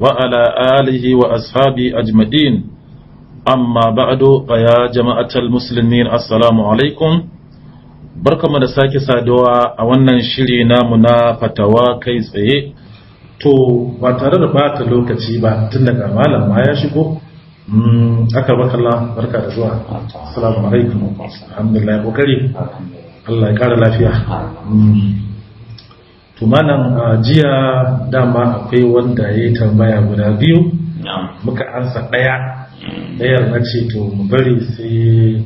وعلى آله وأصحابه أجمعين أما بعد فيا جماعة المسلمين السلام عليكم barkamu da sake saduwa a wannan shiri namu na fatawa kai tsaye to ba tare da bata lokaci ba tun daga malam ma ya shigo aka bakalla barka da zuwa assalamu alaikum alhamdulillah kokari Allah ya kara lafiya tumanan a jiya dama akwai wanda ya tambaya guda biyu muka ansa ɗaya hmm. ɗayar na ce to mu bari sai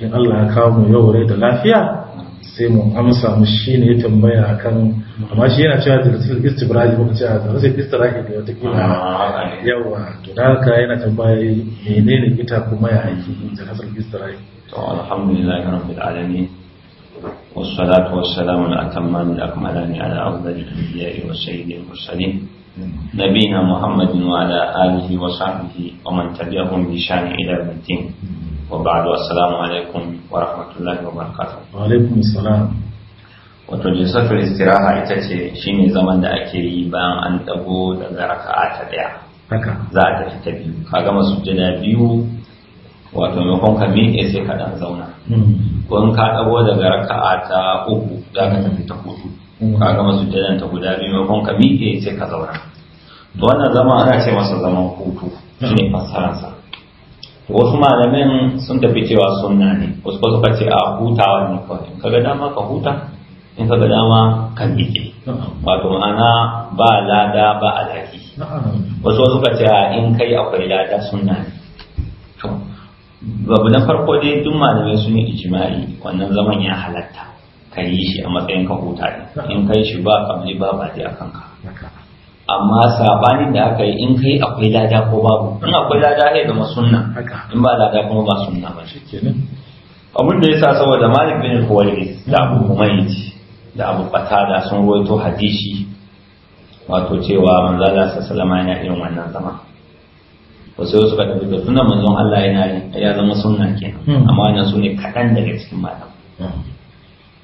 in Allah ya kawo mu yau rai da lafiya sai mu amsa mu shi ne ya tambaya akan amma shi yana cewa da rasul istibrahi muka cewa da rasul istibrahi da wata kila ah, yawa to da haka yana tambaya menene ita kuma ya aiki da rasul istibrahi to alhamdulillah rabbil alamin والصلاة والسلام الأتمان الأكملان على أفضل الأنبياء والسيد المرسلين نبينا محمد وعلى آله وصحبه ومن تبعهم بشان إلى الدين وبعد السلام عليكم ورحمة الله وبركاته وعليكم السلام wato jinsatul istiraha ita ce shine zaman da ake yi bayan an dago daga raka'a ta daya haka za a tafi ta biyu kaga masujjada biyu wato maimakon ka miƙe sai ka ɗan zauna hmm. ko in ka ɗago daga raka'a ta uku za ka tafi ta hudu hmm. ka gama sujjadan ta guda biyu maimakon ka miƙe sai ka zauna to wannan zama ana ce masa zaman hutu shine fassararsa wasu malamin sun tafi cewa sunna ne wasu ba suka ce a hutawa ne kawai in ga dama ka huta in ga dama ka miƙe wato ma'ana ba lada ba al'aki. wasu suka ce a in kai akwai lada sunna ne babu na farko dai duk malamai sun yi ijma'i wannan zaman ya halatta ka yi shi a matsayin ka huta ne in kai shi ba kamar ba ba dai akan ka amma sabanin da aka yi in kai akwai lada ko babu in akwai lada ya ga sunna in ba lada kuma ba sunna ba shikenan abin da yasa saboda Malik bin Khuwaylid da Abu Humayd da Abu da sun rawaito hadisi wato cewa manzo Allah sallallahu alaihi wasallam yana irin wannan zama wasu suka tafi da suna manzon Allah yana yi ya zama sunna kenan hmm. amma yana su ne kaɗan daga cikin malam hmm.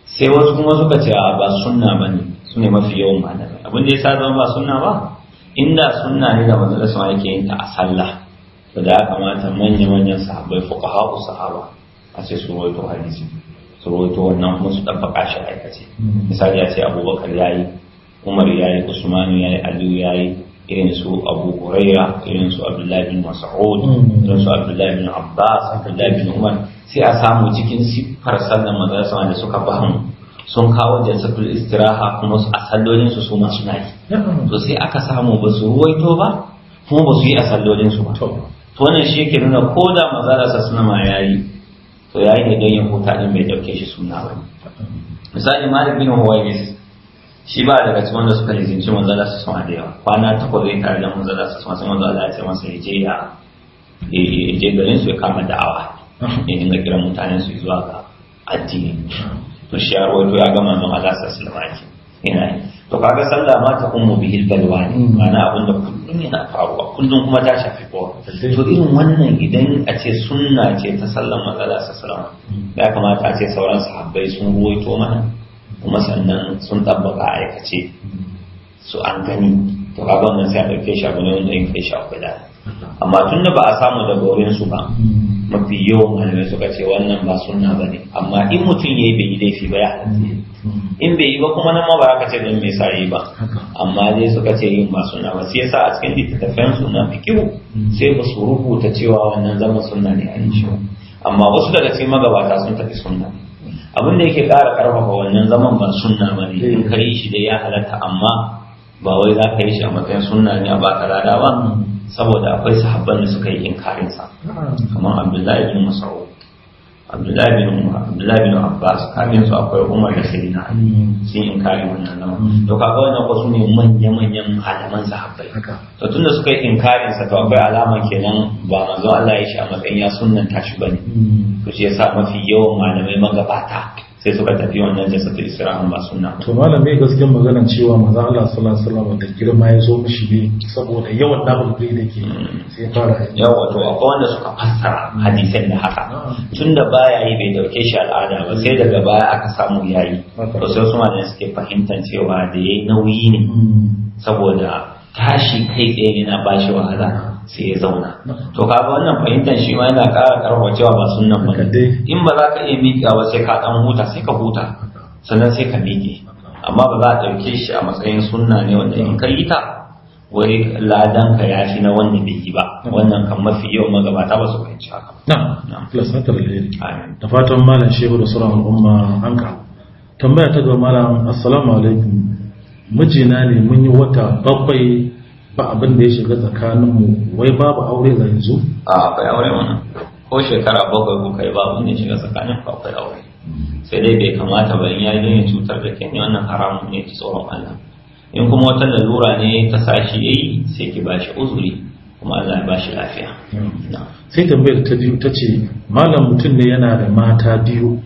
sai wasu kuma suka ce a ba sunna ba ne su ne mafi yawan malamai abin da ya sa zama ba sunna ba inda sunna ne da manzon sama yake yin ta a sallah to da ya kamata manya-manyan sahabbai fuqaha'u sahaba a ce su rawaito hadisi su rawaito wannan kuma su ɗabbaƙa shi aikace hmm. misali ya ce abubakar ya yi umar ya yi usmanu ya yi aliyu ya yi irin su abu huraira irin su abdullahi bin mas'ud mm. irin su abdullahi bin abbas abdullahi bin umar sai a samu cikin siffar sallan manzon wanda suka fahimu sun kawo jalsatul istiraha kuma a sallolin su su masu nayi to sai aka samu ba su ruwaito ba kuma ba su yi a sallolin su ba to wannan shi yake nuna ko da manzara suna ma yayi to yayi ne don ya huta din bai dauke shi suna ba misali malik bin huwainis shi ba daga cikin wanda suka lizinci manzo Allah su sama da yawa kwana takwas zai tare da manzo Allah su sama sai manzo Allah ya ce masa ya je ya je garin su ya kama da'awa ya dinga kiran mutanen su zuwa ga addini to shi ya rawaito ya ga manzo Allah su sama ake ina yi to kaga sallah ma ta ummu bihi balwa ne mana abin da kullum yana faruwa kullum kuma ta shafi kowa to irin wannan idan a ce sunna ce ta sallan manzo Allah su sama ya kamata a ce sauran sahabbai sun ruwaito mana kuma sannan sun tabbaka a aikace su an gani to kaga wannan sai a ɗauke shi ne wanda kai shi da amma tun da ba a samu da wurin su ba mafi yawan malamai suka ce wannan ba sunna ba ne amma in mutum ya yi bai yi laifi ba ya in bai yi ba kuma nan ma ba ka ce don me sa yi ba amma dai suka ce yin ba sunna ba sai yasa a cikin littattafan sunna fikihu sai ba su rubuta cewa wannan zama sunna ne a yi shi amma wasu daga cikin magabata sun tafi sunna abin da yake ƙara ƙarfafa wannan zaman ban sunna ba ne in ka yi shi dai ya halatta amma ba wai za ka yi shi a matsayin sunna ne a ka lada ba saboda akwai sahabban da suka yi inkarinsa kamar abdullahi bin mas'ud abdullahi bin abbas kamin su akwai umar da sai na hmm. sun in kare wannan nan hmm. to kaga wannan ko ne manya manyan malaman sahabbai to tunda suka yi inkarin sa to akwai alama kenan ba manzo Allah ya shi a matsayin ya ta shi bane hmm. to shi yasa mafi yawan malamai magabata sai suka tafi wannan jinsa ta isra'an ba suna to malam mai gaskiyar maganar cewa maza Allah sallallahu alaihi wasallam da girma ya zo mishi ne saboda yawan dabul bai da ke sai fara yawa to akwai wanda suka fassara hadisai da haka tun tunda baya yi bai dauke shi al'ada ba sai daga baya aka samu yayi to sai su malam suke fahimtar cewa da yayi nauyi ne hmm. saboda tashi kai tsaye yana bashi wahala sai ya zauna to kaga wannan fahimtar shi ma yana ƙara karfa cewa ba sunnan ba in ba za ka iya miƙa ba sai ka ɗan huta sai ka huta sannan sai ka miƙe amma ba za a ɗauke shi a matsayin sunna ne wanda in ka yi ta wai ladan ka ya fi na wanda bai yi ba wannan kan mafi yawan magabata ba su fahimci haka na'am Na, sa ta alheri da fatan malam shehu da sura al'umma hanka tambaya ta ga malam assalamu alaikum mijina ne mun yi wata bakwai ba abin da ya shiga mu wai babu aure za yanzu? a akwai aure mana ko shekara bakwai ko kai babu abin da ya shiga tsakanin ku akwai aure sai dai bai kamata ba in ya yi cutar da ke wannan haramun ne ki tsoron Allah in kuma wata lalura ne ta sashi ya yi sai ki bashi uzuri kuma Allah ya bashi lafiya hmm. sai tambayar ta biyu ta ce malam mutum ne yana da mata biyu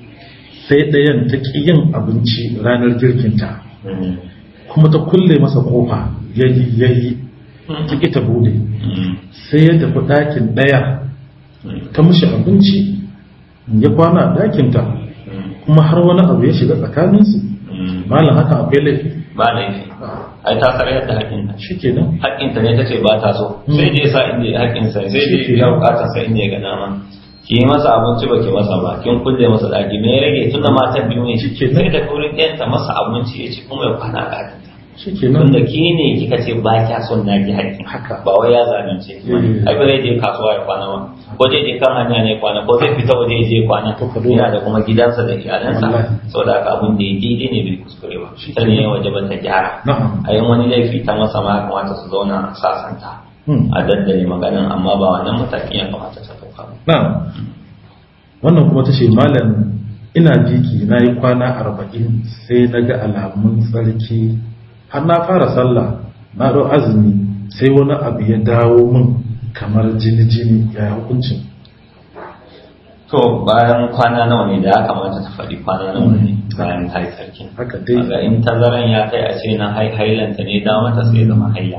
sai ɗayan ta ƙi yin abinci ranar girkinta hmm. kuma ta kulle masa kofa yayi yayi ta ƙi ta bude mm. sai ya tafi ɗakin ɗaya mm. ta mushi abinci ya kwana a ɗakinta mm. kuma har wani abu ya shiga tsakaninsu malam haka akwai laifi ba laifi yi ta karyar da haƙinta shi ke nan haƙinta ne ta ce ba ta so sai je sa inda ya haƙinsa sai je ya bukatar sa inda ya ga ma ki yi masa abinci ba ki masa ba kin kulle masa ɗaki me ya rage da matan biyu ne sai da kurin ɗayan masa abinci ya ci kuma ya kwana a ɗakin tunda ke ne kika ce ba kya son na ji haƙƙi ba wai ya zalunce ki ba eh. ai ba zai je kasuwa ya kwana ba ko zai je kan hanya ne kwana ko zai fita waje je kwana yana da kuma gidansa da iyalansa saboda haka abin da ya daidai ne bai kuskure ba ita ne ya waje ta gyara a yin wani laifi ta masa ma ya kamata su zauna sasanta hmm. a daddare maganin amma ba wannan matakin ya kamata ta ɗauka ba. wannan kuma ta ce malam ina jiki na yi kwana arba'in sai na ga alamun tsarki har na fara sallah na ɗau azumi sai wani abu ya dawo min kamar jini-jini ya hukuncin to bayan kwana nawa ne da ya kamata ta faɗi kwana nawa ne bayan ta yi sarki haka in tazaran ya kai a ce na hailanta ne da mata sai zama haila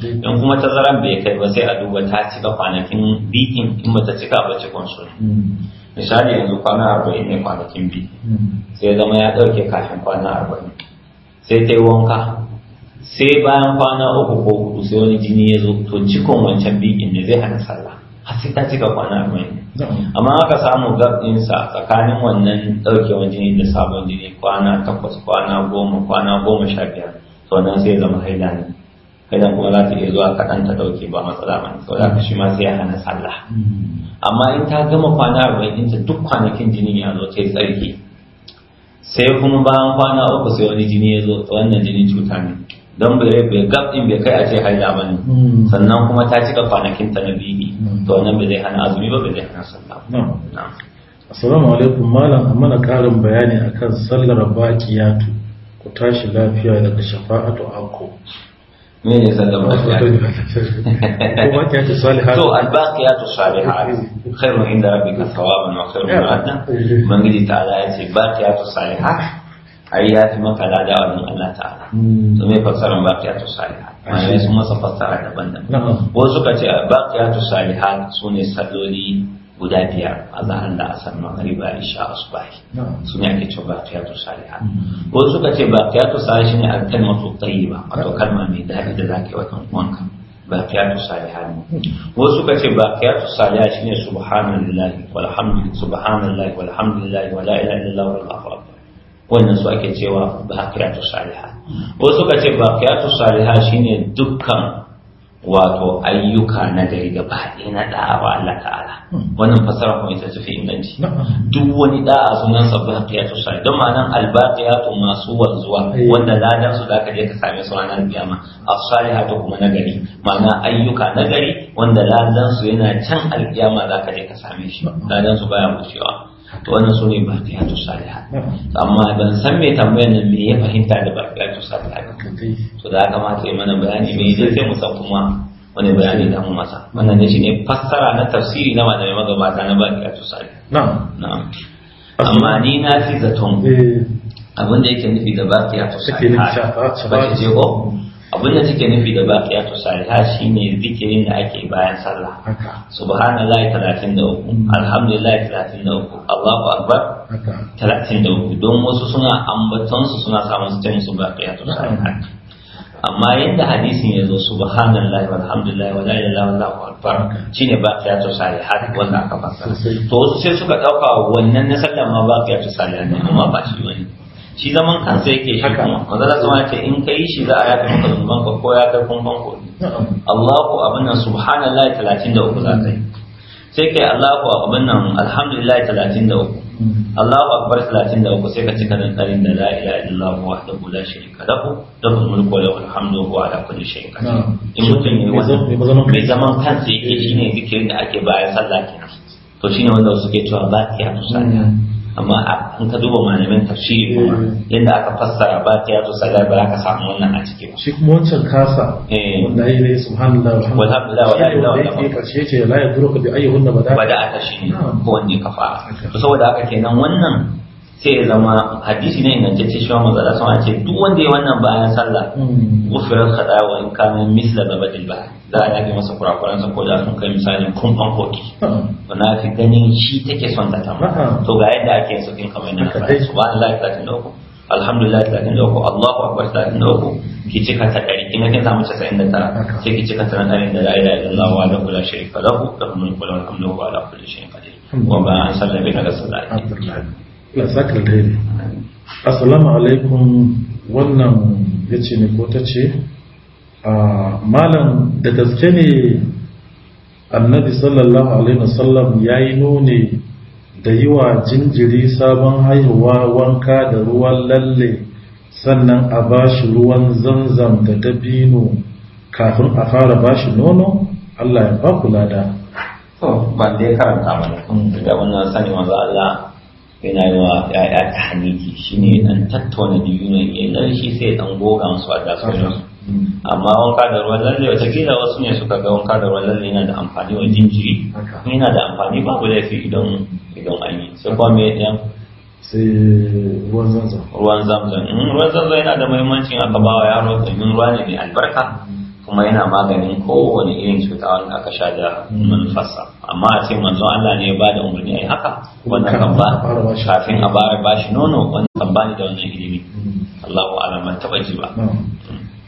in kuma tazaran bai kai ba sai a duba ta cika kwanakin bikin in ba ta cika ba cikon su hmm. misali yanzu kwana arba'in ne kwanakin bikin hmm. sai zama ya ɗauke kafin kwana arba'in sai ta yi wanka sai bayan kwana uku ko hudu sai wani jini ya zo to cikon wancan bikin ne zai hana sallah har sai ta cika kwana arba'in amma aka samu gabinsa tsakanin wannan wani jini da sabon jini kwana takwas kwana goma kwana goma sha biyar to nan sai zama haila ne hailan kuma za ta iya zuwa kaɗan ta ɗauke ba matsala ba ne saboda haka shi ma sai ya hana sallah mm. amma in ta gama kwana arba'in ɗinta duk kwanakin jinin ya zo yi tsarki sai kuma bayan kwana uku sai wani jini ya zo wannan jinin cuta ne don bai bai gab din bai kai a ce haila ba ne hmm. sannan kuma ta cika kwanakin ta na biyu hmm. to wannan bai zai hana azumi ba bai zai hana sallah hmm. assalamu alaikum malam amma na karin bayani akan sallar baqiyatu ku tashi lafiya daga shafa'atu anko مين يسلم عليك الباقيات الصالحات خير عند ربك ثوابا وخير من مردا من على تعالى الباقيات الصالحات أي يأتي مكة العداء من الله تعالى ثم يفسر الباقيات الصالحات ما يسمى يعني سفسر على بندم وزكت الباقيات الصالحات سوني سلولي guda biyar a zahar da a asar magariba isha asubahi su ne ake cewa baqiyatu salihat ko mm-hmm. suka ce baqiyatu salihat shine al-kalmatu tayyiba wato kalma mai daɗi da zaka yi wa kan uwanka Ba baqiyatu ne. ko suka ce baqiyatu salihat shine subhanallahi walhamdulillahi subhanallahi walhamdulillahi wala ilaha illallah wal akbar wannan su ake cewa ba baqiyatu salihat ko mm-hmm. suka ce baqiyatu salihat shine dukkan wato ayyuka na gari gaba ɗaya na da'a Allah ta'ala hmm. wannan fasara kuma ita tafi inganci duk wani da'a sunan sa baqiyatu salih don ma'anan albaqiyatu masu wanzuwa eh. wanda ladan su zaka je ka same su ranar kiyama as-salihatu kuma na gari ma'ana ayyuka na gari wanda ladan su yana can alkiyama zaka je ka same shi ladan su baya wucewa to wannan su ne saliha To amma ban san me tambayar nan me ya fahimta da saliha ba to da aka mata yi mana bayani me ne sai mu san kuma wani bayani da mu masa wannan ne shine fassara na tafsiri na malamai magabata na baqiyatu saliha na'am na'am amma ni na fi zaton eh. abin da yake nufi da baqiyatu saliha ba ke je ko abin da take nufi da baqiyatu salihah shine zikirin da ake bayan sallah talatin subhanallahi 33 mm. alhamdulillah uku Allahu akbar uku. don wasu suna ambaton suna samun su ta musu baqiyatu salihah amma yadda hadisin ya zo subhanallahi walhamdulillah wala ilaha illallah akbar shine baqiyatu salihah wanda aka fassara to sai suka dauka wannan na sallah ma baqiyatu salihah amma ba shi wani shi zaman kansa yake shi kuma manzala sama ce in ka yi shi za a yafe maka zunuban ka ko ya kai kumban ko Allahu abin nan subhanallah 33 za ka yi sai kai Allahu abin nan alhamdulillah 33 Allahu akbar 33 sai ka cika dan karin da la ilaha illallah wahdahu la sharika lahu lahul mulku wa lahul hamdu wa ala kulli shay'in qadir in mutum ne wannan mai zaman kansa yake shine zikirin da ake bayan sallah kenan to shine wanda suke cewa ba ya musanya amma in ka duba malamin tafsiri kuma eh. yadda aka fassara ba ta yato sagar ba ka samu wannan a ciki ba shi kuma wancan kasa eh. Na yi ne subhanallah walhamdulillah wallahi da wannan karshe ce la yaduruka bi ayyuhunna bada bada ta shi ko wanne ka fara saboda haka kenan wannan sai ya zama hadisi ne ingantacce shi wa manzala sama ce duk wanda ya wannan bayan sallah gufirar hmm. kada wa in kana misla da badil ba za a yafe masa kurakuransa ko da sun kai misalin kumfan koki na fi ganin shi take son ta tama to ga yadda ake yin sokin kamar yana fara subhanallah 33 alhamdulillah 33 Allahu akbar 33 ki cika ta dari kin kin samu 99 sai ki cika ta dari da la ilaha illallah wa la ilaha sharika lahu lahu mulku wa lahu hamdu wa ala kulli shay'in qadir wa ba an sallama bi nabi sallallahu alaihi wasallam la saka alheri assalamu alaikum wannan ya ce ne ko ta ce ah, malam da gaske ne annabi sallallahu alaihi wasallam ya yi nuni da yi wa jinjiri sabon haihuwa wanka da ruwan lalle sannan a ba shi ruwan zanzam da dabino kafin a fara ba shi nono allah ya ba kula da ba da karanta karanta mana da wannan sani maza allah yana yi wa ya'ya ta haniki shi ne ɗan tattauna biyu ya nan shi sai ɗan goga masu a dasarinsu amma wanka da ruwan lalle watakila wasu ne suka ga wanka da ruwan lalle yana da amfani wa jinjiri yana da amfani babu laifi idan idan an yi sai kuma me ɗayan ruwan zamzam ruwan zamzam ruwan zamzam yana da mahimmancin aka ba wa yaro domin ruwa ne mai albarka kuma yana maganin kowane irin cuta wanda aka sha da manufarsa amma a ce manzo Allah ne ba da umarni ai haka wannan kan ba kafin a ba shi nono wannan kan ba ni da wannan ilimi hmm. Allahu a'lam ban taba ji ba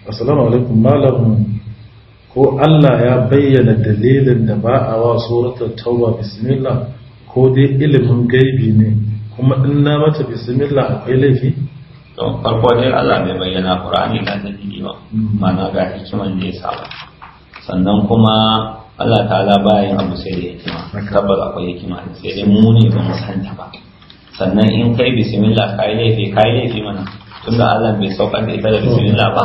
assalamu alaikum malam ko Allah ya bayyana dalilin da ba a wa suratul tauba bismillah ko dai ilimin gaibi ne kuma in na mata bismillah akwai laifi to farko dai Allah bai bayyana Qur'ani na dalili ba mm-hmm. ma'ana ga hikiman da ya saba. sannan kuma Allah ta'ala yin abu sai da hikima tabbas akwai hikima sai dai mu ne ba mu san ta ba sannan in kai bismillah kai laifi kai laifi mana tunda Allah bai saukar da ita da bismillah ba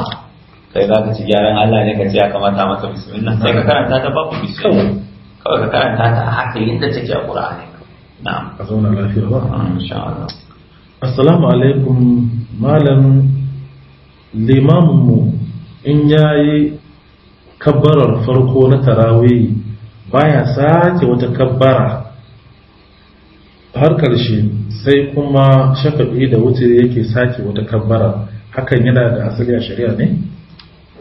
kai za ka ci gyaran Allah ne ka ce ya kamata maka bismillah sai ka karanta ta babu bismillah kawai ka karanta ta a haka yadda take a Qur'ani na'am ka zauna lafiya ba insha Allah assalamu alaikum malam mu in ya yi kabbarar farko na tarawih baya sake wata kabbara har karshe sai kuma shafa'i da wuce yake sake wata kabbara hakan yana da asali a shari'a ne?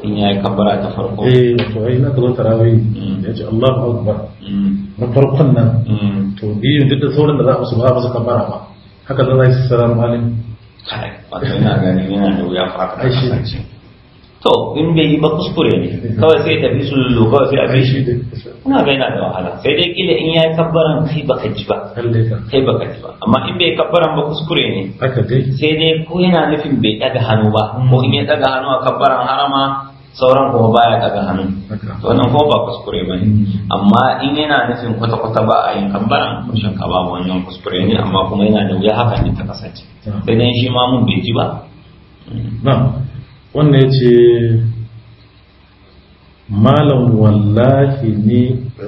in ya yi kabbara ta farko eh to ai na zo tarawih mm. ya ce Allahu akbar mm. na farkon nan mm. to biyu duk da sauran da za a ba su kabbara ba haka zan zai sarar malin wato yana gani yana da wuya faɗa kasance to in bai yi ba kuskure ne kawai sai tafi su lulu kawai sai a bai shi ina ga yana da wahala sai dai kila in ya yi kabbaran kai baka ji ba kai baka ji ba amma in bai kabbaran ba kuskure ne sai dai ko yana nufin bai ɗaga hannu ba ko in ya ɗaga hannu a kabbaran harama sauran kuma baya ɗaga hannu to wannan ko ba kuskure ba ne amma in yana nufin kwata-kwata ba a yin kambaran kushin ka ba wannan kuskure ne amma kuma yana da wuya haka ne ta kasance sai dan shi ma mun bai ji ba na wannan ya ce malam wallahi ne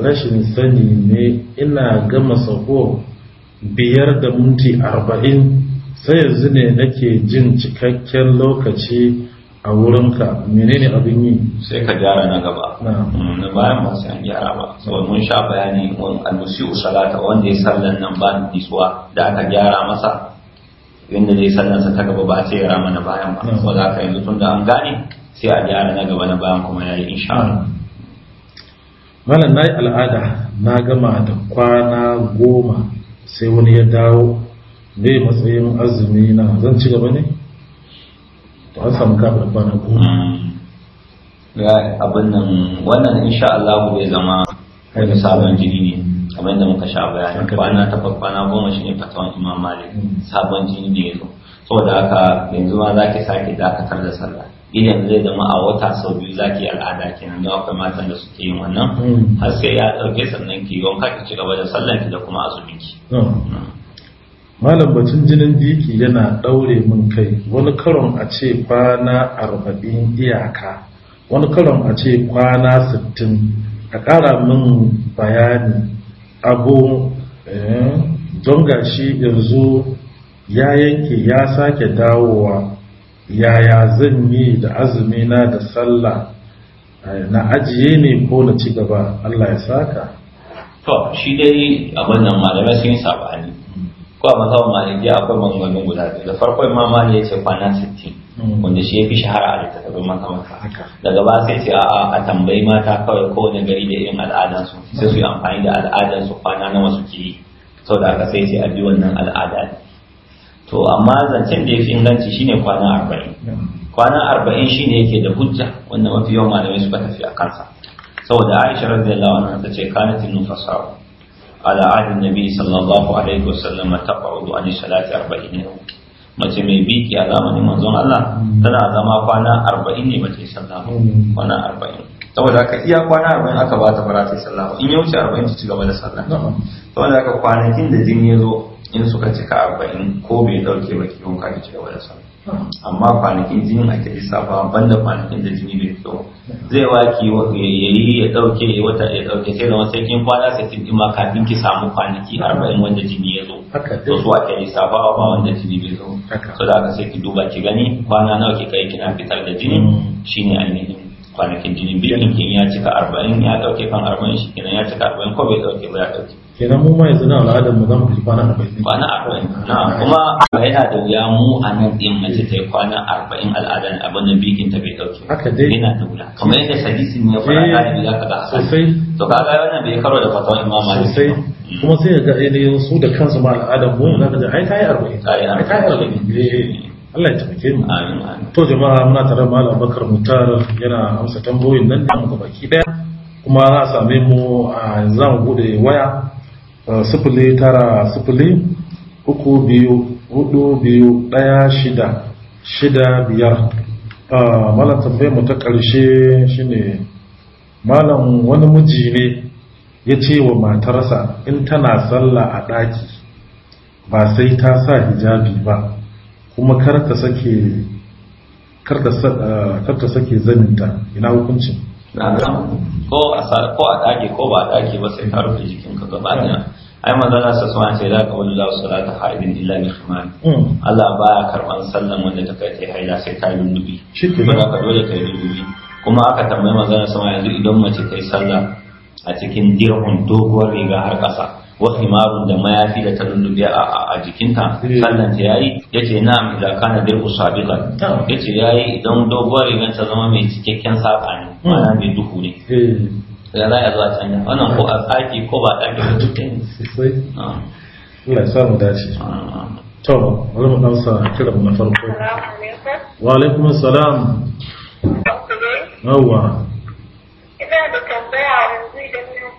rashin sani ne ina gama sako biyar da minti arba'in sai yanzu ne nake jin cikakken lokaci a wurinka menene abin yi sai ka gyara na gaba mm, na bayan ba sai an gyara ba saboda mun sha bayani wani almusiu salata wanda ya sallan nan ba nisuwa da aka gyara masa inda zai sa ta gaba ba sai ya rama na bayan ba saboda ka yanzu tun da an gane sai a gyara na gaba na bayan kuma ya yi insha Allah malam na yi al'ada na gama da kwana goma sai wani ya dawo bai matsayin azumi na zan ci gaba ne an samu kafin kwana goma mm. ya abin nan wannan insha Allah bai zama kai sabon jini ne kamar yadda muka sha bayani kwana takwas kwana goma shine fatawan Imam Malik mm. sabon jini ne yazo saboda haka yanzu ma zaki sake dakatar da sallah idan zai zama a wata sau biyu zaki al'ada kenan da akwai matan da suke yin wannan mm. har sai ya ɗauke sannan ki yi wanka ki ci gaba da sallar ki da kuma azumin malam batun jinin diki yana ɗaure min kai wani karon a ce kwana arba'in iyaka wani karon a ce kwana sittin a ƙara min bayani abu eh, don gashi yanzu ya yanke ya sake dawowa yaya zan yi da azumina da sallah eh, na ajiye ne ko na ci gaba Allah ya saka to shi dai abin nan malamai sun yi sabani ko a mazhaban malikiya akwai maganganun guda biyu da farkon ma mali ya ce kwana sittin mm. wanda shi ya fi shahara a littattafin makamata daga ba sai ce a tambayi mata kawai kowane gari da irin al'adansu sai su yi amfani da al'adansu kwana na suke yi sau da aka sai ce a bi wannan al'ada to amma zancen da ya fi inganci shine kwana arba'in mm. kwana arba'in shine yake da hujja wanda mafi yawan malamai suka tafi a kansa saboda aisha radiyallahu anha ta ce tinu nufasawa على عهد النبي صلى الله عليه وسلم تقعد عن الصلاة أربعين يوم mace mai biki a zamanin manzon Allah tana zama kwana arba'in ne mace sallah kwana arba'in saboda haka iya kwana arba'in aka ba ta fara ta sallah in ya wuce arba'in ta ci gaba da sallah saboda haka kwanakin da jini ya zo in suka cika arba'in ko bai dauke ba kiwon ka ci gaba da sallah amma kwanakin jinin ake lissafa ban da kwanakin da jini bai fito zai waki ya yi ya dauke ya wata ya dauke sai da wasu kin kwana sai kin ma kafin ki samu kwanaki arba'in wanda jini ya zo to su ake isa ba wanda jini bai zo so da aka sai ki duba ki gani kwana nawa kika yi kina fitar da jini mm. shine ainihin kwanakin jini ne kin ya cika arba'in ya ɗauke kan arba'in shi kenan ya cika arba'in ko bai ɗauke ba ya ɗauke. kenan mu ma yanzu na al'adar mu zamu fi kwana arba'in. kwana arba'in na kuma yana da wuya mu a nan ɗin mace ta yi kwana arba'in al'adar abin da bikin ta bai ɗauke. haka dai yana da wuya Kuma yadda sadisi ne ya fara ɗalibi eh, za ka ga sosai to ka ga wannan bai karo da fatawa imam malik sosai kuma sai ga ne su da kansu ma al'adar mu zaka ka ji ai ta yi arba'in. ta yi arba'in. Allah ya taimake mu to jama'a muna tare da Malam Bakar Mutar yana amsa tambayoyin nan da muka baki daya kuma za a same mu a yanzu mu bude waya sifili tara sifili uku biyu hudu biyu daya shida shida biyar malam tambayar mu ta karshe shine malam wani miji ne ya ce wa matarsa in tana sallah a ɗaki ba sai ta sa hijabi ba kuma karka sake karka sake zaninta ina hukuncin ko a ɗage ko ba a ɗage ba sai ka rufe jikinka gaba ɗaya ai manzana sa suna ce da kawai da su rata haidin illa bi khimar hmm. Allah baya karban sallan wanda ta kai kai haila sai ta lullubi ba ka dole kai lullubi kuma aka tambayi manzana sama yanzu idan mace kai sallah a cikin dirhun doguwar riga har ƙasa wa himarun da mayafi da ta lullube a jikinta eh. sannan ta yayi yace na idan kana bil usabiqan yace yayi idan doguwar rigar ta zama mai cikakken saka ne ma'ana mai duhu ne da eh. za a zuwa canja wannan ko a tsaki ko ba tsaki ba duk sai Allah ya samu dace to bari mu dausa kira mu na farko wa alaikum assalam yawwa ina da tambaya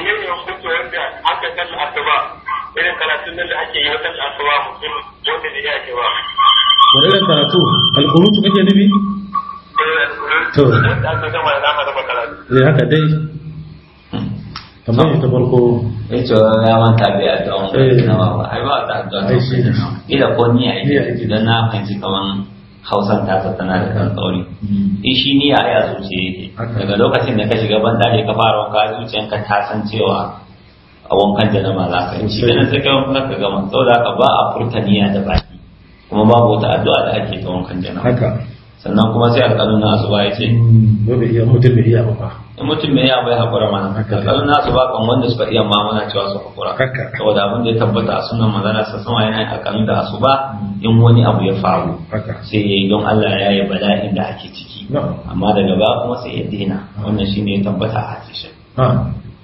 menene hukunci wanda aka asuba irin karatun nan da ake yi wata asuba mutum wanda da ya ke ba wani irin karatu alkurutu kake nufi to eh, eh haka dai kamar ta farko eh to ya manta a addu'a na ba ai ba ta addu'a ila ko ni ai idan na fahimci kaman hausar ta tana da kan tsauri in mm-hmm. eh, shi ni ya zuce yake daga lokacin da ka shiga ban dare ka fara wanka ka ta san cewa a wankan janaba za ka yi shi kenan sai wankan ka gama saboda ba a furta niyya da baki kuma babu wata addu'a da ake ta wankan janaba sannan kuma sai alƙalin nasu ba ya ce hmm. mutum bai iya ba in mutum mai iya bai haƙura mana alƙalin nasu ba kan wanda suka iya ma muna cewa su haƙura saboda abin da ya tabbata a sunan manzara sa sama yana yin alƙalin da asuba hmm. in wani abu ya faru sai ya yi don Allah ya yi bala'in da ake ciki amma daga ba kuma sai ya daina wannan shine ya tabbata a hadisi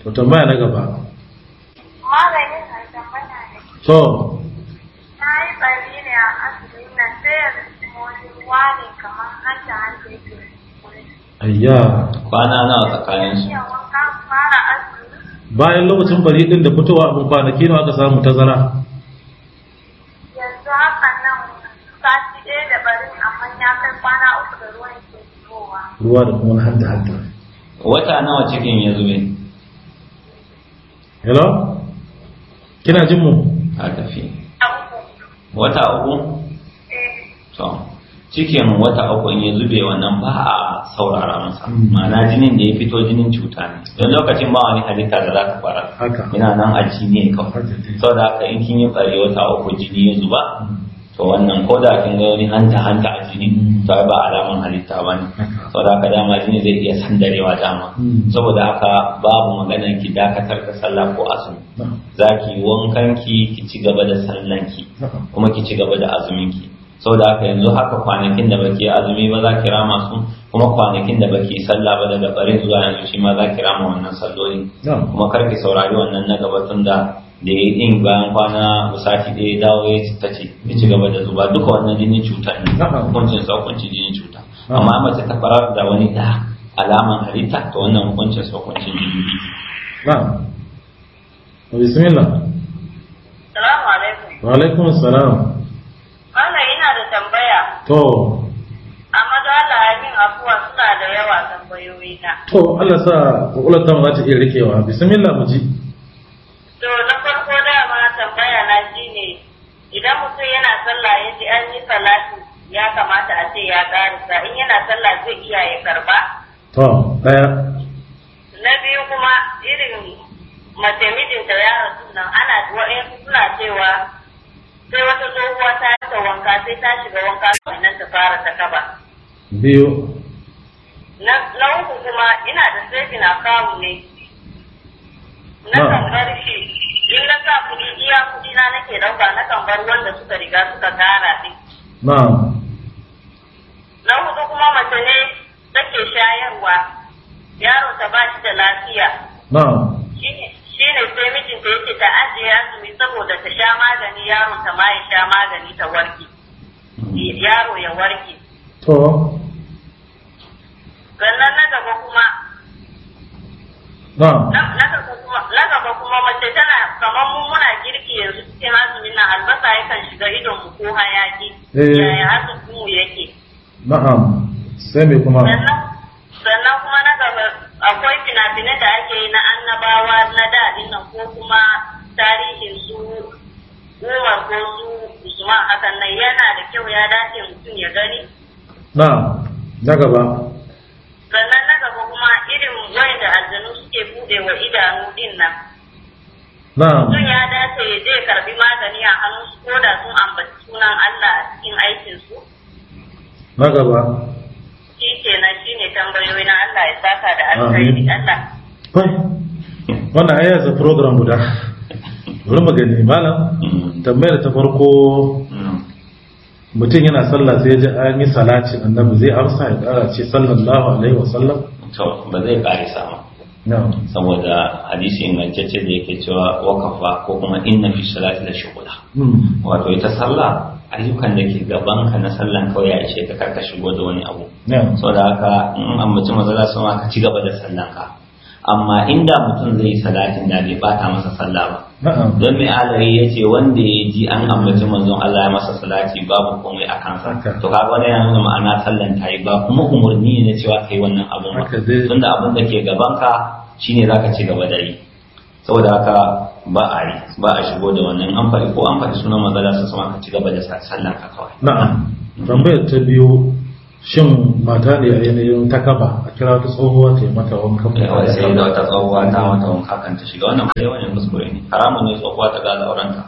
to tambaya na gaba maganin tambaya ne to na yi bari ne a asibitin nan sayar. ayya kwana nawa tsakanin su bayan lokacin bari din da fitowa abin kwanaki na aka samu tazara yanzu hakan nan sati ɗaya da bari amma ya kai kwana uku da ruwan ke fitowa ruwa da kuma hadda hadda wata nawa cikin ya zube hello kina jin mu a tafi wata uku eh. to cikin wata uku ya zube wannan ba a saurara masa hmm. ma'ana jinin da ya fito jinin cuta ne don lokacin ba wani halitta da za ka fara yana nan a jini ne kawai da haka in kin yi fari wata uku jini ya zuba hmm. to wannan ko da kin ga wani hanta hanta a jini hmm. to ba alaman halitta ba ne da haka dama jini zai iya sandarewa dama saboda haka babu maganar ki dakatar da sallah ko azumi za ki wankan ki ci gaba da ki, kuma ki ci gaba da ki. saboda haka yanzu haka kwanakin da baki azumi ba za ki rama kuma kwanakin da baki sallah ba daga bare zuwa yanzu shi ma za ki rama wannan salloli kuma kar ki saurari wannan na gaba tun da da ya yi bayan kwana da ya dawo ya ta ce ya ci gaba da zuba duka wannan jinin cuta ne hukuncin sa hukuncin jinin cuta amma mace ta fara da wani da alaman halitta ta wannan hukuncin sa hukuncin jinin cuta. Bismillah. Salamu alaikum. Wa alaikum salam. to Allah ya min afuwa suna da yawa tambayoyi na to Allah sa kokulan ta za ta iya rikewa bismillah mu ji to na farko da ma tambaya na ne idan mutum yana sallah ya ji an yi salatu ya kamata a ce ya karisa in yana sallah zai iya ya karba to daya na biyu kuma irin mace mijinta ya rasu nan ana wa'in suna cewa sai wata tsohuwa ta ta wanka sai ta shiga wanka sannan ta fara ta kaba biyu na uku kuma ina da saving account ne na kan bar shi in na sa kuɗi iya kuɗi na nake ɗauka na kan bar wanda suka riga suka tara ɗin na'am na hudu kuma mace ne take shayarwa yaro ta ba shi da lafiya na'am Shi ne sai mijinta yake ta ajiye azumi saboda ta sha magani yaro ta ma ya sha magani ta warke yaro ya warke to sannan na gaba kuma na gaba kuma mace tana kamar mu muna girki yanzu cikin azumin nan albasa yakan shiga idon mu ko hayaki eh. yaya azumin mu yake na'am sai me kuma sannan kuma na gaba akwai fina finai da ake yi na annabawa na daɗi nan ko kuma tarihin su Umar ko su Usman hakan nan yana da kyau ya dace mutum ya gani. Na, na gaba. Sannan na gaba kuma irin wani da aljanu suke bude wa idanu din nan. Mutum ya dace ya je karbi magani a hannun su ko da sun ambaci sunan Allah a cikin aikinsu. Na gaba. kenan shine tambayoyi na wannan aya za program guda bari mu gani malam tambayar ta farko mutum yana sallah sai ji an yi salati annabi zai amsa ya kara ce sallallahu alaihi wa sallam to ba zai karisa ba saboda hadisi ingantacce da yake cewa wakafa ko kuma inna fi salati la shughla hmm. wato ita sallah ayyukan da ke gaban ka na sallan kawai ya ishe ka karka shigo da wani abu da haka in an mutum maza su ka ci gaba da sallan ka amma inda mutum zai yi salatin da bai bata masa sallah ba don mai alayi ya ce wanda ya ji an ambaci manzon Allah ya masa salati babu komai a kansa to kaga wani yana nuna ma'ana sallan ta yi ba kuma umarni ne na cewa ka yi wannan abun ba tunda abun da ke gaban ka shine zaka ci gaba da yi saboda haka ba a yi ba a shigo da wannan an faɗi ko an faɗi sunan manzala su sama ka ci gaba da sallan ka kawai na'am tambayar ta biyu shin mata ne a yanayin ta kaba a kira ta tsohuwa ta yi mata wankan ba eh, yawa sai da wata tsohuwa ta mata wanka kan ta shiga wannan kai wani kuskure ne haramun ne tsohuwa ta gaza aurenta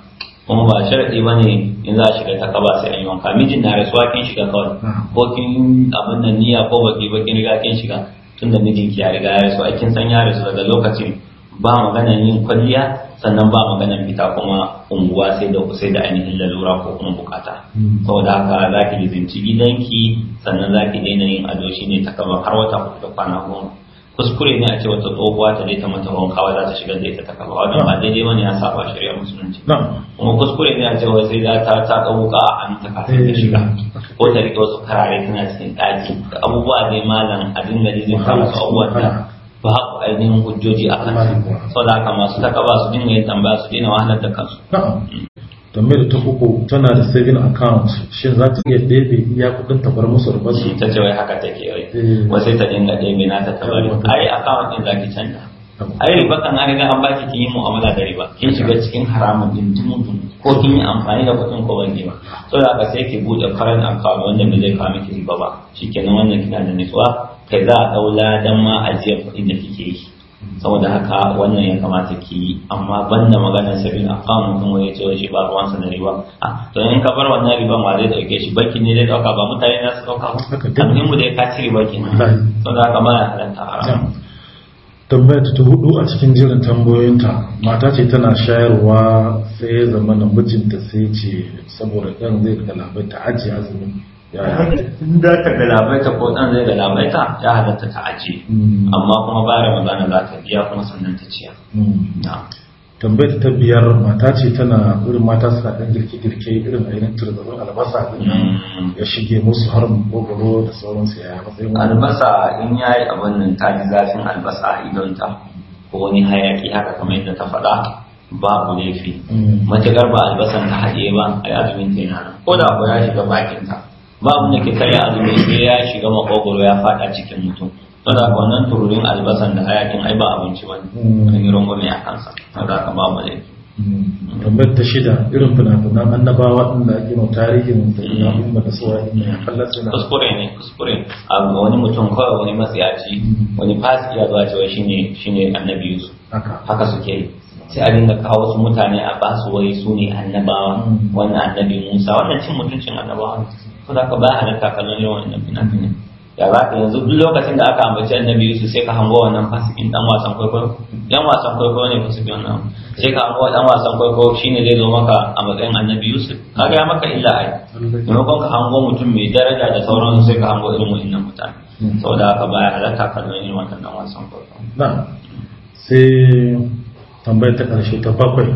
kuma ba sharadi ba ne in za a shiga ta kaba sai an yi wanka mijin na rasuwa kin shiga kawai ko kin abin nan niyya ko baki baki riga kin shiga tunda mijinki ya riga ya rasu a kin san ya rasu daga lokacin ba magana yin kwalliya sannan ba magana fita kuma unguwa sai da sai da ainihin lalura ko kuma bukata hmm. saboda haka za ki lizinci gidanki sannan za ki daina yin ado ne ta kama har wata da kwana goma kuskure ne a ce wata tsohuwa ta je ta mata wanka ba za ta shiga da ita ta kaba Wani ba hmm. daidai ne ya saba shari'a musulunci hmm. kuma kuskure ne a ce wata sai za ta ta dauka a an ta kafa ta shiga ko ta rike wasu karare tana cikin ɗaki abubuwa dai malam a dinga jin ta abubuwan da ku ainihin hujjoji a kan sau da haka masu takaba su dinga yin tambaya su dina wahalar da kansu tambayar ta uku tana da saving account shin za ta iya ɗebe iya kuɗin bar musu rubar su ta ce wai haka take wai eh. wasai ta dinga ɗebe na ta tabar ai account ɗin za ki canja ai riba kan an riga an baki kin yi mu'amala da riba kin shiga cikin haramun din tumutu ko kin yi amfani da kuɗin ko wani ba so da aka sai ki buɗe current account wanda ba zai kawo miki riba ba shikenan wannan kina da nutsuwa kai za a ɗaula dan ma ajiyar kuɗin da kike yi saboda haka wannan ya kamata ki yi amma banda maganar sabin akan mutum wani ce shi ba ruwan sa na riba to in ka bar wannan riba ma zai dauke shi baki ne zai dauka ba mutane na su dauka ba kan mu da ya kaci riba kenan saboda haka ba ya halatta haram tambayar ta hudu a cikin jirin tambayoyinta mata ce tana shayarwa sai ya zama na mijinta sai ce saboda ɗan zai galabai ta ajiye azumin da ta galabaita ko ɗan zai galabaita ya halatta ta ajiye hmm. amma kuma ba ramadana za ta biya kuma sannan ta ciya hmm. tambayar ta mata ce tana wurin mata suna ɗan girke-girke irin ainihin turzarun albasa mm. ya shige musu har gogoro da sauransu ya yi. albasa in ya yi abin nan ta ji zafin albasa a idonta ko wani hayaki haka kamar yadda ta faɗa babu laifi mm. matuƙar ba albasan ta haɗe ba a yi azumin ta yana ko da ku ya shiga bakinta babu da ke karya azumin sai ya shiga makogoro ya faɗa cikin mutum saboda wannan tururin albasan da hayakin ai ba abinci ba ne hmm. an yi rungume a kansa saboda ka ba mu laifi hmm. tambar ta shida irin fina-finan annabawa din da ake tarihin hmm. da ina umma da suwa ne halatta na kuskure ne kuskure a wani mutum kawai wani matsiyaci wani fasiki ya zuwa cewa shine shine annabi Yusuf haka suke yi sai a dinga kawo wasu mutane a ba su wai su ne annabawa wannan annabi Musa wannan cin mutuncin annabawa saboda ka ba halatta kallon yawan annabi na ya ka yanzu duk lokacin da aka ambaci annabi yusuf sai ka hango wannan fasikin dan wasan kwaikwayo dan wasan kwaikwayo ne fasikin nan sai ka hango dan wasan kwaikwayo shine zai zo maka a matsayin annabi yusuf ka ga maka illa ai maimakon ka hango mutum mai daraja da sauran sai ka hango irin wannan mutane saboda haka baya halatta ka zo irin wannan dan wasan kwaikwayo na sai tambayar ta karshe ta bakwai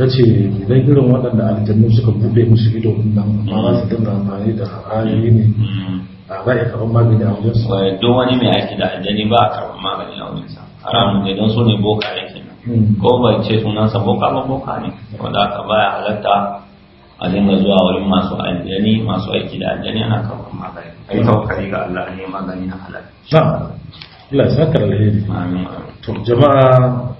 ta ce idan irin waɗanda aljannu suka buɗe musu ido nan ba za su dinga amfani da halaye ne hmm. ba ba da karɓar magani da wajen sa don wani mai aiki da aljani ba a karɓar magani a wajen sa haramun ne don su ne boka yake hmm. ko bai ce sunansa boka ba boka ne wanda aka ya halatta a dinga zuwa wurin masu aljani masu aiki da aljani ana karɓar magani a yi tawakkali ga Allah ne magani na halal Allah ya saka alheri to jama'a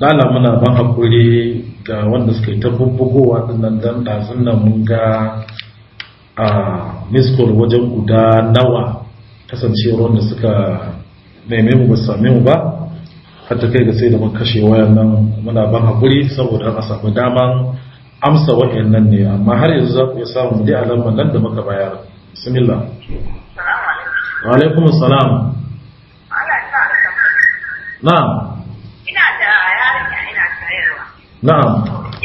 dala muna ban hakuri ga wanda suka yi ta bubbugowa dinnan dan dazun nan mun ga a miskol wajen guda nawa kasancewar wanda suka neme mu ba same mu ba hatta kai ga sai da kashe wayan nan muna ban hakuri saboda a samu daman amsa wayan nan ne amma har yanzu za ku iya samu dai alamma nan da muka bayar bismillah wa alaikum assalam na'am ina da yarinya ina tsayarwa na'am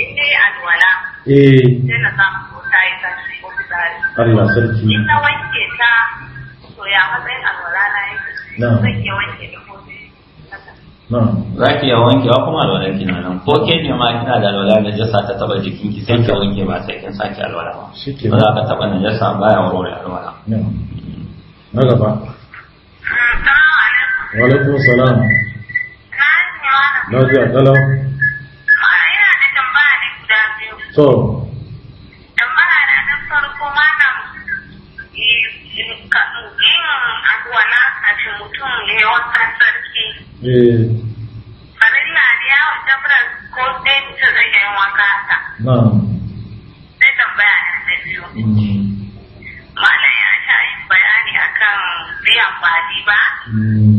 in dai alwala eh sai na samu ta yi ta tsari Allah sarki in wanke ta to ya matsayin alwala na yake zan iya wanke ta ko za ki iya wanke wa kuma alwalar ki nan ko ke ne ma kina da alwala na jasa ta taba jikin ki sai ki wanke ba sai kin sake alwala ba ba za ka taba na jasa ba ya warware alwala na gaba mm, wa alaikum salam lafiya kalau to wankan sarki. Eh. Farilla ne ya ko yi wanka mm. ya sha bayani akan biyan baɗi ba. Mm.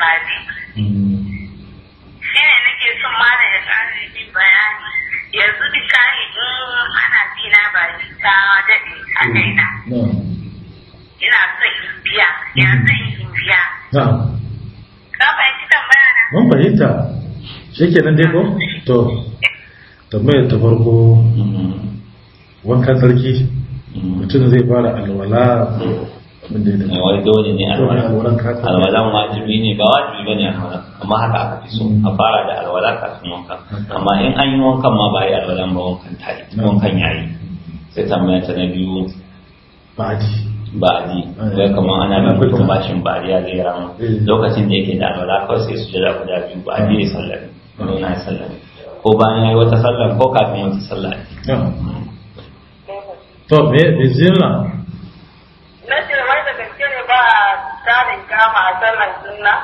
baɗi. Mm. Shi ne nake son malam ya yin bayani. Yanzu in ana a daina. Ina son in biya, gaskiya ka fahimci tambaya na mun fahimta shikenan dai ko to tambayar ta farko wankan sarki mutum zai fara alwala wai dole ne alwalan wajibi ne ba wajibi ba ne alwalan amma haka aka fi so a fara da alwala kafin wanka amma in an yi wankan ma ba yi alwalan ba wankan ta yi wankan yayi. sai tambaya ta na biyu ba'adi ba'adi eh. wai kama ana mai mutum bashin ba'adi ya zai rama lokacin da yake da alwala kawai sai su jira guda biyu ba'adi ya sallami nuna sallami ko bayan ya yi wata sallar ko kafin wata sallar to me bizilla na ce wai da gaske ne ba ne kama a sallar sunna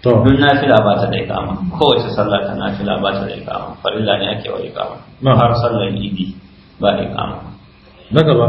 to duk fila ba ta da ikama kowace sallar ta fila ba ta da ikama farilla ne ake wa ikama har sallar idi ba ikama na gaba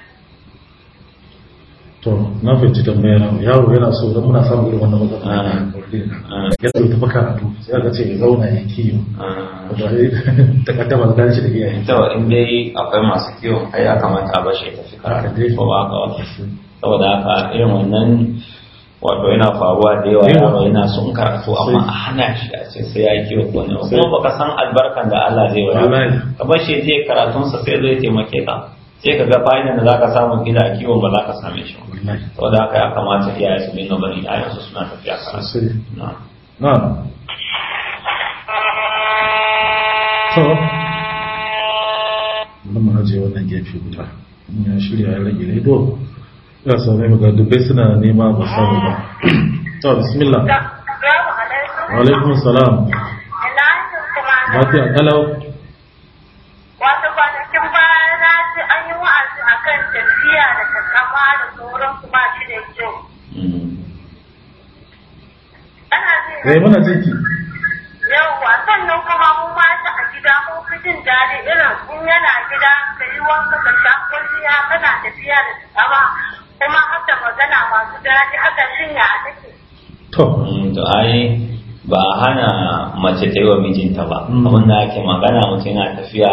to na fahimci tambayar yaro yana so don muna samun irin wannan matsala ah, ah. ya zo a karatu sai aka ce ya zauna ya kiyo ah. ta ba da shi da iyaye tawa in dai akwai masu kiyo ai ya kamata a bashi ya tafi karatu ko ba ka saboda haka irin wannan wato yana faruwa da yawa yaro yana son karatu amma a hana shi a ce sai ya kiyo Kuma ne kuma baka san albarkan da Allah zai wani ka shi zai karatunsa sai zai taimake ka sai ka ga fa'idan da ka samu gida a kiwon ba za ka same shi to da haka ya kamata iyaye su dinga bari iyaye su suna tafiya karatu na to mun mu aje wannan gefe guda ya shirya ya rage ledo ya same ga dubbe suna nema ba samu ba to bismillah wa alaikum salam lafiya kalau giya da takawa da sauran su shi da kyau. Ana zai. Eh muna jinki. Yawwa sannan kuma mu mata a gida mun fi jin daɗi irin in yana gida ka yi wanka ka sha kwalliya kana tafiya da takawa kuma haka magana masu daɗi haka shinya a take. To, mm, to ai ba a hana mace ta yi wa mijinta ba mm. abin da ake magana mace yana tafiya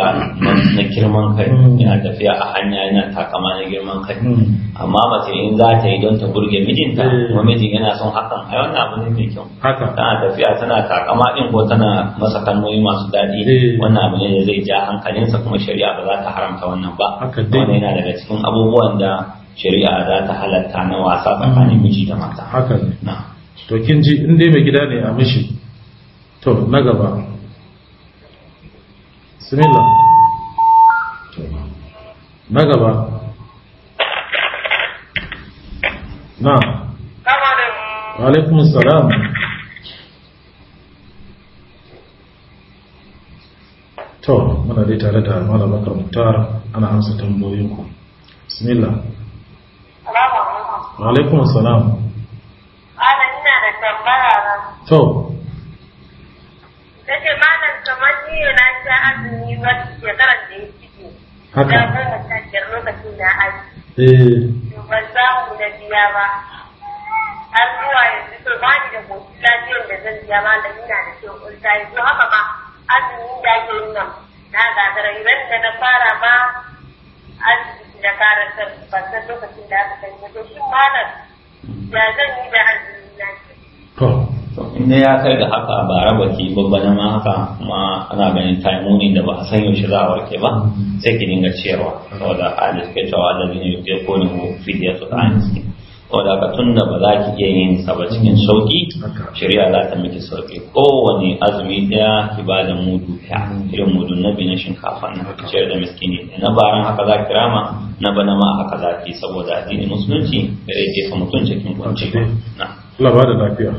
na girman kai mm. yana tafiya a hanya yana takama na girman kai mm. amma mace in za ta yi don ta burge mijinta eh. kuma mijin yana son hakan ai wannan abu ne mai kyau tana tafiya tana takama din ko tana masa kalmomi masu daɗi eh. wannan abu ne da zai ja hankalinsa kuma shari'a ba za ta haramta wannan ba wannan yana daga cikin abubuwan da shari'a za ta halatta na wasa tsakanin miji da mata. Haka ne. to kin ji inda mai gida ne a mishi to na gaba bismillah na gaba na alaikum salam to muna dai tare da mana bakar mutar ana amsa tambayoyinku bismillah alaikum salam to ta ce malam kamar yana na sha azumi wata shekarar da ya ciki haka na gama sha biyar lokacin da aji eh. ban samu na biya ba har zuwa yanzu to ba ni da gobe lafiyar da zan biya ba malam ina da kyau ulta to haka ba, azumi da ake yin nan na gagara idan da na fara ma azumi da karantar ban san lokacin da aka kai ba to shi malam ya zan yi da azumi na ke. ne ya kai da haka ba raba ki babba ma haka kuma ana ganin taimuni da ba a san yaushe za a warke ba sai ki dinga ciyarwa saboda hadis ke cewa da zai yi ko ne mu fidiya su ta hanci saboda ka tun da ba za ki iya yin sa ba cikin sauki shari'a za ta miki sauki kowane azumi ɗaya ki ba da mudu dukiya irin dun nabi na shinkafa na ciyar da miskini na baran haka za ki rama na bana ma haka za ki saboda addinin musulunci da ya jefa mutum cikin kwanci Allah ba da lafiya.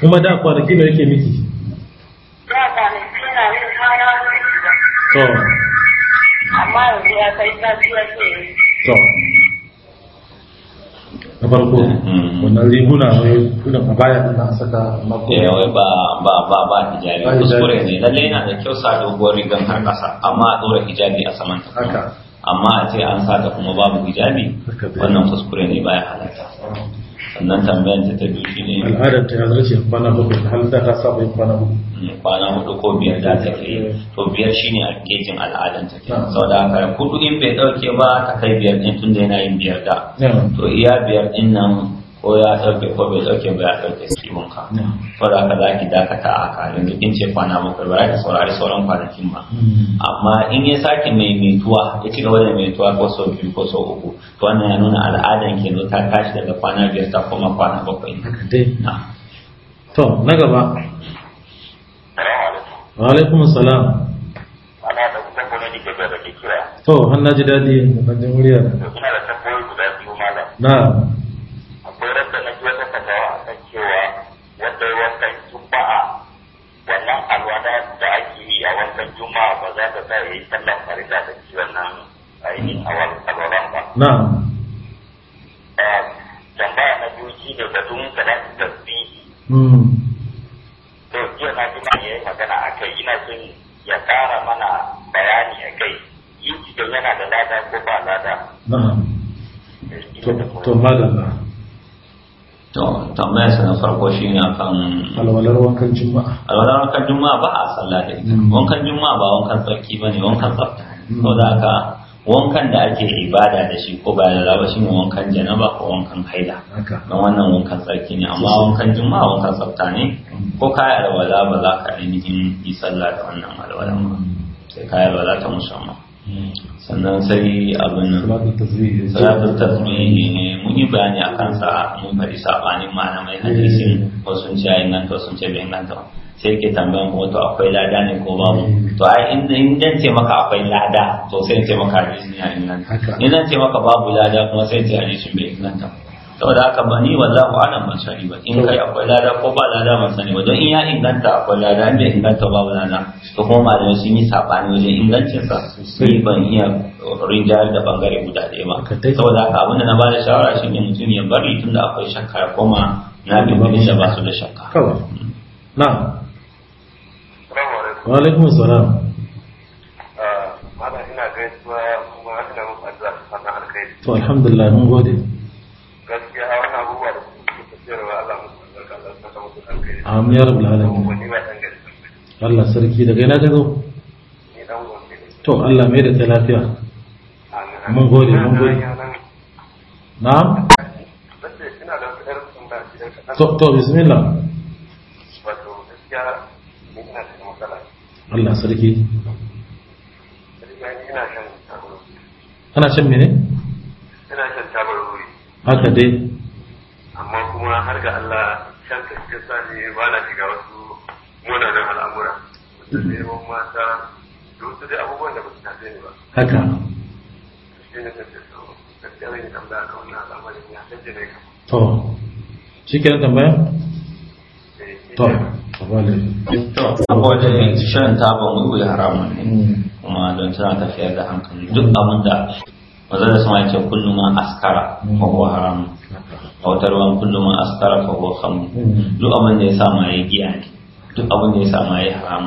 kuma da kwanaki da yake miki to amma yanzu ya kai sati ya ke to na farko mm. wannan riguna mai kuna ba baya na saka mako eh wai ba ba ba ba hijabi kuskure ne lalle yana da kyau sa doguwar rigan har kasa amma dora hijabi a saman haka amma a ce an saka kuma babu hijabi wannan kuskure ne baya halatta sannan tambayan ta tabi shi ne al'adar ta yanzu ce kwana hudu har da ta saba yin kwana hudu hmm, kwana hudu ko biyar da ta kai to biyar shi a gejin al'adar ta hmm. sau da haka kudu in bai dauke ba ta kai biyar din da yana yin biyar da hmm. to iya biyar din nan ko ya ɗauke ko bai ɗauke ba ya ɗauke skimin ka Ko ka aka ki dakata a ka yanzu in ce kwana muka ba za ta saurari sauran kwanakin ba mm-hmm. amma in ya sake mai metuwa ya ci gaba da metuwa ko sau biyu ko sau uku to wannan ya nuna al'adan ke ta tashi daga kwana biyar ta koma kwana bakwai na to na gaba wa alaikum salam to da kusan ke da ke kira to har na ji guda da ɗan murya na wankan juma'a ba za ta sa ya yi sallan farilla da shi wannan ainihin awal alwaran ba. Na'am. Tambaya na biyu shi ne batun salatin tasbihi. To jiya na ji ya yi magana a kai ina son ya ƙara mana bayani a kai. Yin cikin yana da lada ko ba lada. Na'am. Eh, to, to, madalla. to tambayar sa na farko shi ne akan alwalar wankan juma'a alwalar wankan juma'a ba a sallah da ita mm. wankan juma'a ba wankan tsarki ba ne wankan tsafta to mm. da haka wankan da ake ibada da shi ko ba da ba shi ne wankan janaba ko wankan haila don wannan wankan tsarki ne amma wankan juma'a wankan tsafta ne mm. ko kayi alwala ba za ka ainihin yi sallah da wannan alwala ba sai kayi alwala ta musamman sannan sai abin salatun tasbihi ne mun yi bayani a kansa mun bari sabanin mai hadisin wasu ce ya inganta wasu ce bai inganta sai ke tambayan wato to akwai lada ne ko babu to ai in dan ce maka akwai lada to sai ce maka hadisin ya inganta in dan ce maka babu lada kuma sai ce hadisin bai inganta saboda haka ba ni wallahu alam ban sani ba in kai akwai lada ko ba lada ban sani ba don in ya inganta akwai lada in bai inganta ba ba lada to kuma malamai sun yi sabani wajen ingancin sa sai ban iya rinjayar da bangare guda ɗaya ba saboda haka abinda na bada shawara shi ne mutum ya bari tun da akwai shakka ya koma na bibirin da ba su da shakka. na wa alaikum salam ah, malam ina gaisuwa kuma ina muku addu'a sana'ar kai. to alhamdulillah mun gode amin ya rabu lalami Allah sarki daga yana ta zo to Allah mai da ta lafiya mun gode mun gode na to bismillah Allah sarki ana shan mene? ina shan tabar wuri haka dai amma kuma har ga Allah can ka shiga sani ba wasu munanan al'amura wajen neman mata da wasu dai ba su Haka. Shi ne tambaya shan haramun ne, mm. kuma don tana tafiyar da hankali duk abin da manzon da sama ce kullum ma askara ko huwa haram a wata ruwan kullum ma askara ko huwa haram hmm. duk abin da ya sa ma ya giya ne duk abin da ya sa ma ya haram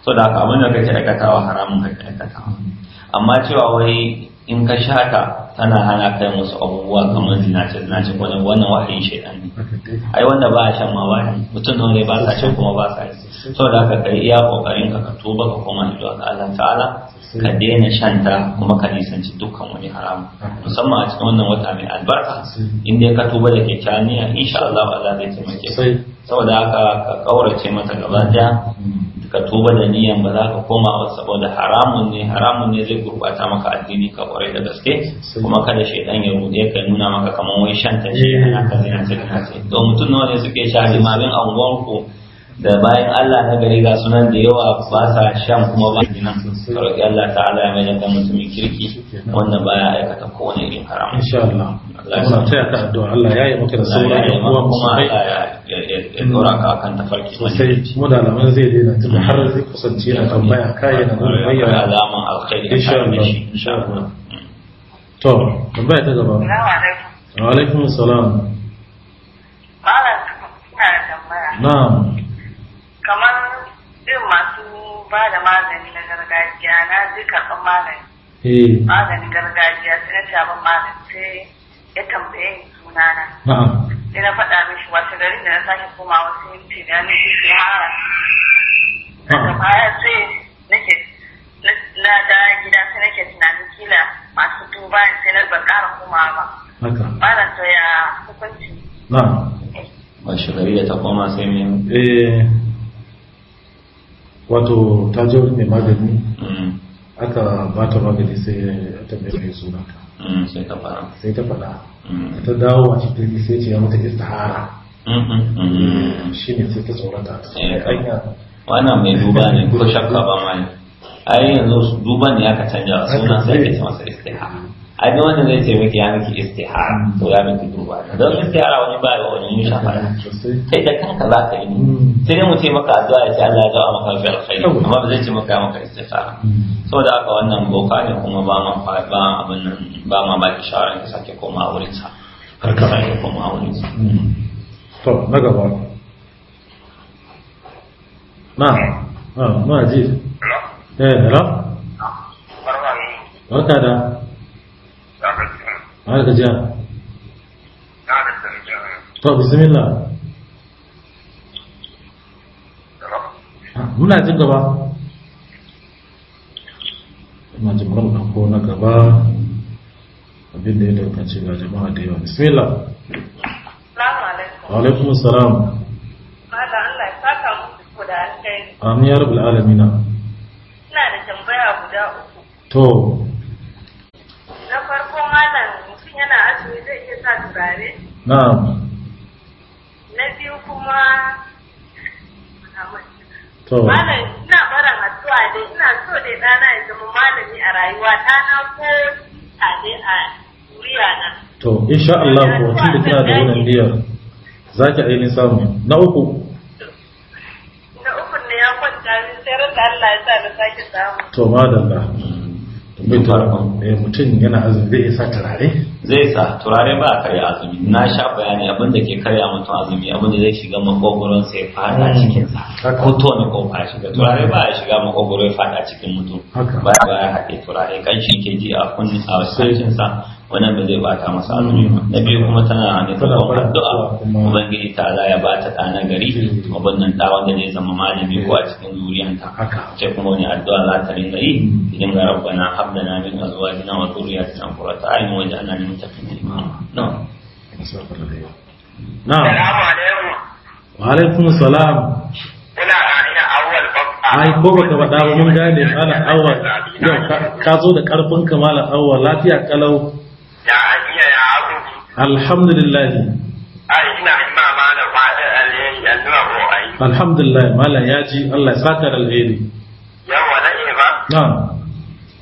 so da haka abin da kake aikatawa haramun kake aikatawa amma cewa wai in ka shata Ana hana kai musu abubuwa kamar zinace zinace ko wannan wahayin shaitan ne ai wanda ba a shan mawani mutum nawa ne ba sa shan kuma ba sa yi saboda haka kai iya kokarin ka ka tuba ka koma zuwa ga Allah ta'ala ka daina shanta kuma ka nisanci dukkan wani haramu musamman a cikin wannan wata mai albarka in ka tuba da kyakkyawan niyya insha Allah Allah zai taimake ka saboda haka ka kaurace mata gaba daya ka tuba da niyan ba za ka koma wa saboda haramun ne haramun ne zai gurbata maka addini ka kwarai da gaske kuma kada shaidan ya rude ka nuna maka kamar wai shan ta ce ana ka zina ce kana ce to mutum nawa ne suke sha limamin anguwan ku da bayan Allah na gari ga sunan da yawa ba sa shan kuma ba jinan ka roƙi Allah ta'ala ya mai da mutumin kirki wanda baya aikata kowane irin haram insha Allah Allah ya sa ta addu'a Allah ya yi maka da sauran yan uwa kuma ya ya dora ka akan tafarki sosai kuma da alaman zai daina tun har zai kusance na tambaya kai na mun bayyana alaman alkhairi insha Allah insha Allah to tambaya ta gaba assalamu alaikum wa salam malam da tambaya kamar irin masu ba da magani na gargajiya na ji karɓar magani eh. maganin gargajiya sai na shaban magani sai ya tambaye sunana sai na faɗa mishi wata garin da na sake komawa sai ce da ni shi hara daga baya sai nake na da gida sai nake tunanin kila masu duba sai na ba ƙara komawa ba ba da soya hukunci na ba shi gari da ta koma sai ne eh wato ta je mai magani mm. aka ba ta magani sai ta mai suna mm, sai ta sai ta faɗa ta dawo a cikin sai ce ya mata istihara mm, mm, mm. shi ne sai ta tsorata ta eh, wannan mai duba ne ko shakka ba ma ai yanzu duba ne ka canja sunan sai ke ce masa istihara a duk wanda zai ce miki ya miki istihara to ya miki duba don istihara wani ba ya wani yin shafara kai da kanka za ka yi ne sai dai mu ce maka addu'a ya ce Allah ya zama maka fi alkhairi amma ba zai ce maka maka istihara saboda haka wannan boka ne kuma ba ma ba abin nan ba ma ba ki shawara ka sake koma wurin sa har ka sake koma wurin sa to na gaba na ma ji eh hello barka da har ka ja to bismillah muna jin gaba ina jin barka ko na gaba abinda ya daukace ga jama'a da yawa bismillah assalamu alaikum wa alaikum assalam mala ah, Allah ya saka muku da alkhairi amin ya rabbul alamin ina ah. da tambaya ah, guda uku to sa turare na'am na biyu kuma malam ina barin addu'a dai ina so dai ɗana ya zama malami a rayuwa ɗana ko a dai a duniya na to insha Allah ko tun da kina da wannan biyar, za ki ainihin samu na uku na uku ne ya kwanta ni sai ran Allah ya sa na sake samu to madalla bai farkon eh, mutum yana azumi zai isa turare zai sa turare ba a karya azumi na sha bayani abin da ke karya mutum azumi abin da zai shiga makogoron sai fada hmm. cikin sa ko to ne ko shiga turare ba shiga makogoro ya fada cikin mutum ba ya haɗe turare kan shi ke ji a kunnin a cikin sa wannan ba zai bata masa azumi ba na biyu kuma tana da sabon addu'a ubangiji ta za ya bata ta na gari wannan mm. ta wanda zai zama malami ko a cikin zuriyanta sai kuma wani addu'a za ta rinka yi mm. idan ga rabbana habdana min azwajina wa dhurriyyatina qurrata a'yun waj'alna lil muttaqina imama na'am assalamu alaikum wa alaikum assalam kuna amina awwal ai ko baka faɗa ba mun gane malam awwal yau ka zo da karfin ka malam awwal lafiya kalau ya aniya ya abu alhamdulillah ai ina ma malam fata alheri addu'a ko ai alhamdulillah malam ya ji Allah ya da alheri yawa da ne ba Na.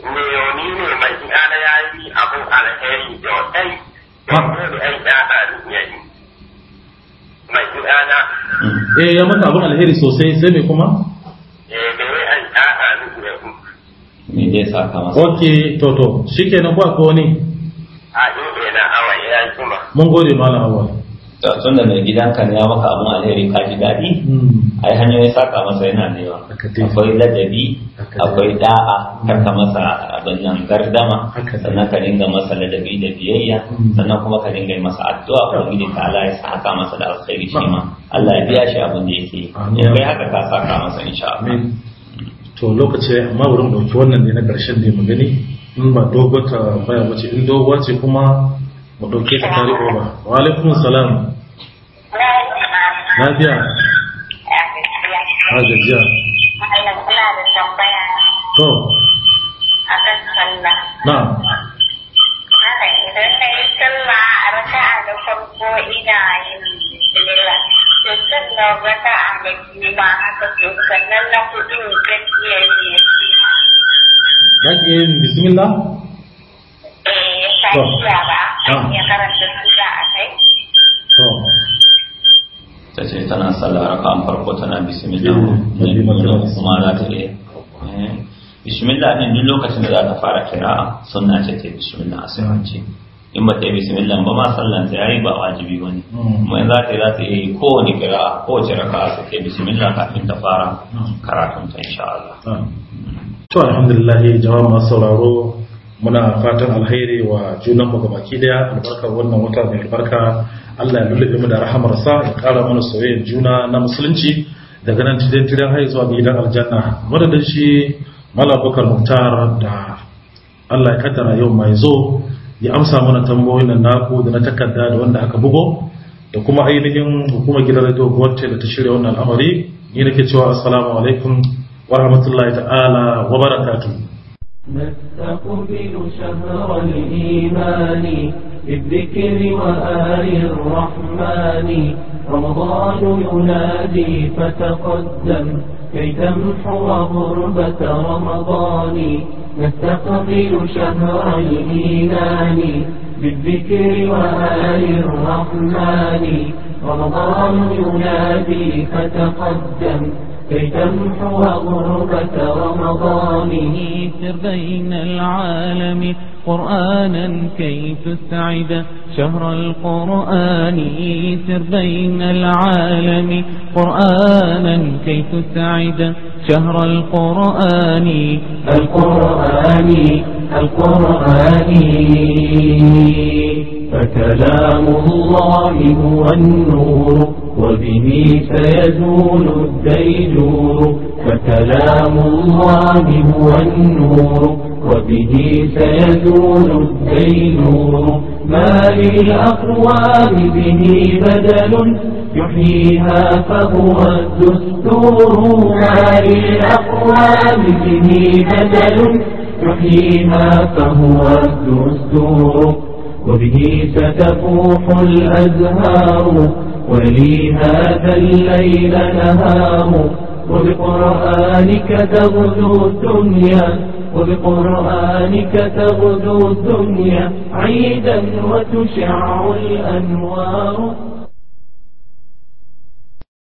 ne yoni ne mai ana ya yi abu alheri da dai da ai da ya yi mai ina mm. eh ya maka abu alheri sosai sai me kuma eh da ai da ne dai saka masa okay to to shikenan ko akwai wani mun gode malam hawa tun da mai gidanka ne ya maka abin alheri ka ji daɗi hmm. ai hanyoyi saka masa yana da yawa akwai ladabi akwai da'a karka hmm. masa abin nan gardama sannan ka dinga masa ladabi da biyayya hmm. sannan kuma ka dinga masa addu'a ubangiji ta Allah ya saka masa da alkhairi shi ma Allah ya biya shi abin da yake in kai haka ka saka masa insha Allah to lokaci amma wurin dauki wannan ne na karshen ne mu gani in ba dogon tambaya mace in dogon ce kuma ba dauke ta tare ba wa alaikun salam a gajiya to na sallah da farko ina yin bismillah to raka'a da biyu ma na za ki yin bismillah eh ta iya ba ya karanta sura a kai to ta ce tana sallah raka'an farko tana bismillah kuma za ta iya bismillah din duk lokacin da za ta fara kira sunna ce ta bismillah a sirrance in ba ta yi bismillah ba ma sallan ta yayi ba wajibi ba ne kuma in za ta yi za ta yi kowane kira kowace raka'a ta yi bismillah kafin ta fara hmm. karatun ta insha Allah ah. hmm. to alhamdulillah jama'a masu sauraro muna fatan alheri wa junanmu ga baki daya albarkar wannan wata mai albarka Allah ya lullube mu da sa ya kara mana soyayyar juna na musulunci daga nan cikin tiran hai zuwa gidan aljanna madadin shi malabukar muktar da Allah ya kaddara yau mai zo ya amsa mana tambayoyin nan naku da na takarda da wanda aka bugo da kuma ainihin hukumar gidan radio gwamnati da ta shirya wannan al'amari ni nake cewa assalamu alaikum ورحمة الله تعالى وبركاته نستقبل شهر الإيمان بالذكر وآل الرحمن رمضان ينادي فتقدم كي تمحو غربة رمضان نستقبل شهر الإيمان بالذكر وآل الرحمن رمضان ينادي فتقدم كي تمحو غربة رمضانه سر بين العالم قرآنا كي تسعد شهر القرآن سر بين العالم قرآنا كي تسعد شهر القرآن القرآن القرآن فكلام الله هو النور وبه سيزول الديجور فكلام الله هو النور وبه سيزول الدينور ما للأقوام به بدل يحييها فهو الدستور ما للأقوام به بدل يحييها فهو الدستور وبه ستفوح الأزهار ولي هذا الليل نهار وبقرآنك تغدو الدنيا وبقرآنك تغدو الدنيا عيدا وتشع الأنوار